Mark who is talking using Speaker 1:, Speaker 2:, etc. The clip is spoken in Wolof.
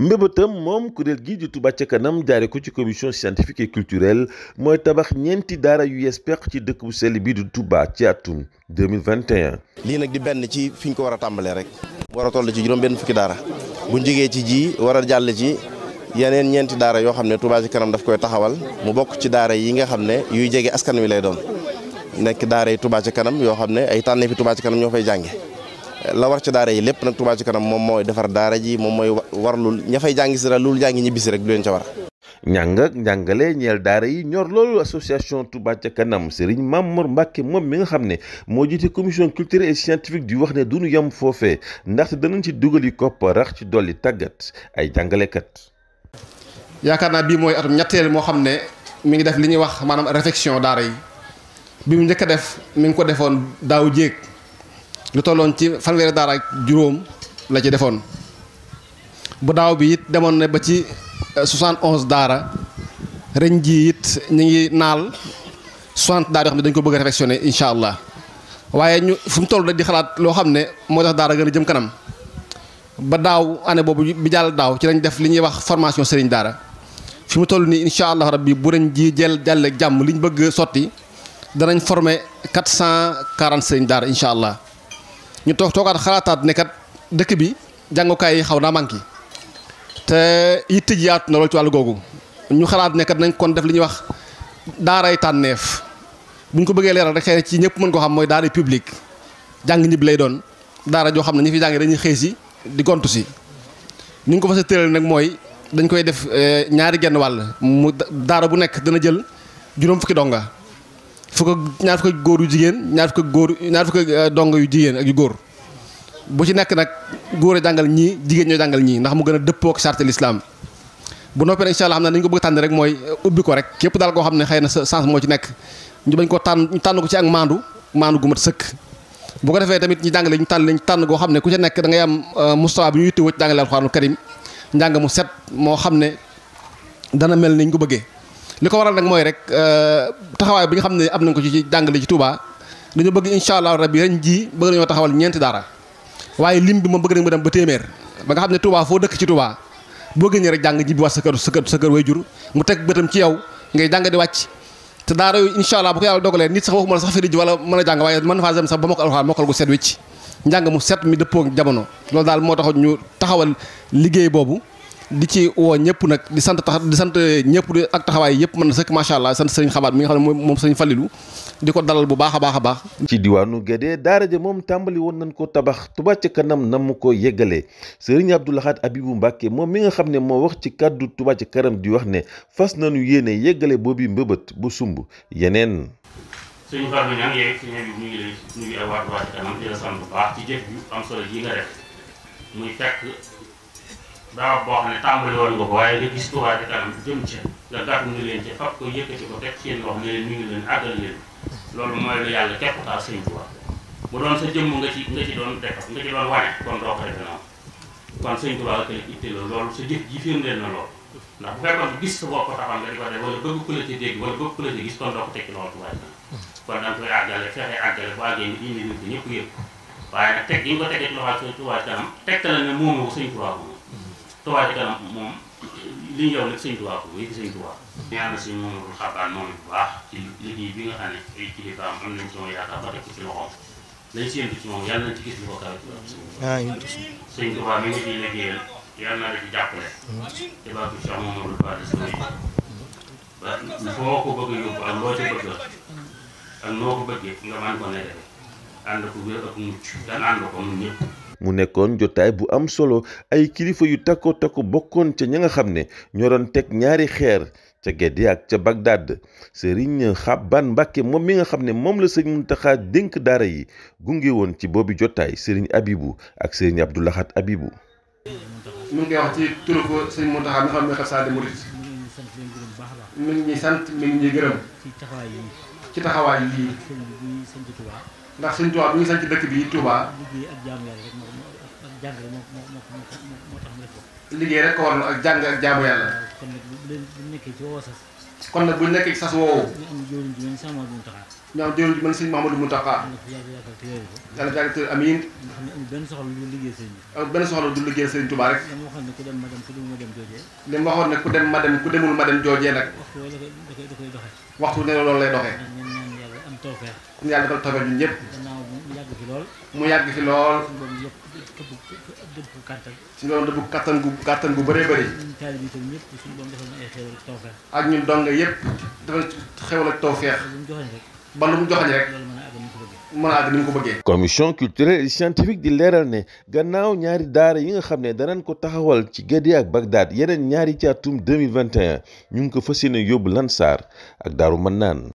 Speaker 1: mbébétam moom kuréel gii di Touba ca kanam jaare ko ci commission scientifique et culturelle mooy tabax ñeenti daara yu yees peq ci dëkk bu sell bi di Touba ci atum 2021 lii
Speaker 2: nag di benn ci fi ñu ko war a tàmbalee rek war a toll ci juróom benn fukki daara bu njigee ci ji war a jàll ci yeneen ñeenti daara yoo xam ne tubaa ca kanam daf koy taxawal mu bokk ci daara yi nga xam ne yuy jege askan wi lay doon nekk daara yi Touba ca kanam yoo xam ne ay tànneefi Touba ca kanam ñoo fay
Speaker 1: jànge la war ci daara yi lépp nag Touba ci kanam moom mooy defar daara ji moom mooy warlul ña fay jàngi si daal loolu jàngi ñibbisi rek du leen ca war. njàngale ñeel daara yi ñor loolu association Touba ca kanam Serigne Mamour Mbacke moom mi nga xam ne moo jiite commission culturelle et scientifique di wax ne du ñu yem foofee ndaxte danañ ci dugal yi koppar rax ci dolli tàggat ay jàngalekat.
Speaker 2: yaakaar naa bii mooy atum ñetteel moo xam ne mi ngi def li ñuy wax maanaam réflexion daara yi bi njëkk a def mi ngi ko defoon daaw jéeg. lu tolloon ci fanweeri daara ak juróom la ci defoon bu daaw bi it demoon na ba ci 71 eh, daara ren jii it ñu ngi naal 60 daara yoo xam ne dañu ko bëgg a réfectionné incha allah waaye ñu fu mu toll rek di xalaat loo xam ne moo tax daara gën a jëm kanam ba daaw année boobu bi jàll daaw ci lañ def li ñuy wax formation sëriñ daara fi mu toll nii incha allah bi bu ren jii jël jàlle jàmm li ñu bëgg sotti danañ former 440 sëriñ daara incha allah. ñu toog toogaat xalaataat ne kat dëkk bi jàngukaay yi xaw naa manqué te yitte ji yaatu na lool ci wàll googu ñu xalaat nekkat nañ kon def li ñuy wax daaray tànneef bu ñu ko bëggee leeral rek xëy ci ñëpp mën ko xam mooy daara publique jàng ñibbi lay doon daara joo xam ne ñu fi jàngee dañuy xëy si di gontu si ni ñu ko fas a tëral nag mooy dañ koy def eh, ñaari genn wàll mu daara bu nekk dana jël juróom fukki donga fukk ak ñaar fukk góor yu jigéen ñaar fukk góor ñaar fukk euh, dong yu jigéen ak yu góor bu ci nekk nag góor a jàngal ñii jigéen ñoo jàngal ñii ndax mu gën a dëppoo ak charte l'islam bu noppee nag incha allah xam ne nañu ko bëgg tànn rek mooy euh, ubbi képp daal koo xam ne xëy na sa sens moo ci nekk ñu ko tànn tànn ko ci ak maandu maandu gu mat sëkk bu ko defee tamit ñu jàngale ñu tànn lañ tànn koo xam ne ku ca nekk dangay am euh, mustawa bi ñu yittewoo ci jàngale alxuraanul karim njàng mu set moo xam ne dana mel ni ñu ko bëggee li ko waral nag mooy rek euh, taxawaay bi nga xam ne am nañ ko ci jàngale ci Touba dañu bëgg incha allah rabbi ren jii bëgg nañoo taxawal ñeenti daara waaye lim bi moom bëgg nañ mu dem ba téeméer ba nga xam ne Touba foo dëkk ci Touba boo génnee rek jàng jibbi wax sa kër sa kër sa kër way jur mu teg bëtam ci yow ngay jàng di wàcc te daara yooyu incha allah bu ko yàlla dogalee nit sax waxuma la sax firiji wala mën a jàng waaye mën faa dem sax ba mokkal alxuraan mokkal gu set wecc njàng mu set mi daal moo taxoon ñu taxawal liggéey boobu di ci woo ñëpp nag di sant tax di sant ñëpp di ak taxawaay yëpp mën na sëkk macha allah sant sëriñ xabaat mi nga
Speaker 1: xam ne moom sëriñ Falilou di ko dalal bu baax a baax a baax. ci diwaanu Guédé daara ja moom tàmbali woon nañ ko tabax Touba ca kanam nam mu ko yeggalee sëriñ Abdou Lahad Abibou Mbacke moom mi nga xam ne moo wax ci kàddu Touba ca di wax ne fas nañu yéene yeggale boobu mbëbët bu sumb yeneen.
Speaker 3: suñu farlu ñaan yeeg ñu ngi lay nuyu ay waat waat bu baax ci muy fekk daaw boo xam ne tàmbali woon nga ko waaye nga gis Touba ca kanam jëm ca nga gàttandu leen ca fab ko yëkkati ko teg seen loxo ne leen ñu ngi leen àggal leen loolu mooy lu yàlla teppataal sa jëmm nga ci nga ci doon def nga ci doon wane kon doo ko defe noonu kon ak sa jëf ji firndeel na loolu ndax bu fekkoon gis sa bopp taxoon nga di ko def wala bëgg ku la ci dégg wala bëgg sëñ Touba kanam tegtal ne moomu ko sëñ Touba Touba Ca Kanam moom li ñu yow nag sëñ Touba ko wéy ci sëñ Touba ñaan na sëñ Mamadou Xabaan moom bu baax ci liggéey bi nga xam ne ay kilifaam am nañ sama yaakaar ba def ko ci loxoom lañ séentu ci moom yàlla nañ ci gis lu ko kawe ci sëñ Touba mi ngi ciy liggéeyal yàlla na la ci jàppale ci baatu Cheikh Mamadou Fadil sama ba foo ko bëgg yóbbu ak loo ci bëgg ak noo ko bëggee nga man ko ne defe ànd ko wér ak mucc
Speaker 1: dan ànd ko ñun ñëpp mu nekkoon jotaay bu am solo ay kilifa yu takko takko bokkoon ca ña nga xam ne ñoo doon teg ñaari xeer ca Gédé ak ca Bagdad Serigne Xabban Mbàkke moom mi nga xam ne moom la sëñ Muntaxa dénk daara yi gunge woon ci boobu jotaay Serigne Abibu ak Serigne Abdou Lahad Abibu.
Speaker 2: ndax Sëriñ Tuubaa bi ñu sañ ci dëkk bii Tuubaa
Speaker 3: liggéey rek ko war ak jàng ak jaamu yàlla kon nag bu ñu nekkee ci sas woowu ñu am jëwriñ ji mën sëñ Mahamadou Mountakha yàlla jàgg tër amiin benn soxla du liggéey sëñ amul benn soxla du liggéey sëñ Tuubaa rek li mu waxoon ne ku dem ma dem ku demul ma dem joojee nag
Speaker 2: waxtu ne loolu lay doxee
Speaker 3: tawfeex ñu yàlla defal ñëpp lool mu yàgg fi lool
Speaker 2: si loolu kattan gu kattan gu bëree ak ñun donga yëpp defal xewal ak tawfeex ba lu mu joxañ rek mën a ni mu ko bëggee
Speaker 1: commission culturelle et scientifique di leeral ne gannaaw ñaari daara yi nga xam ne danañ ko taxawal ci Guédé ak Bagdad yeneen ñaari ci atum 2021 ñu ngi ko fas yéene yóbbu Lansar ak Daaru Mannaan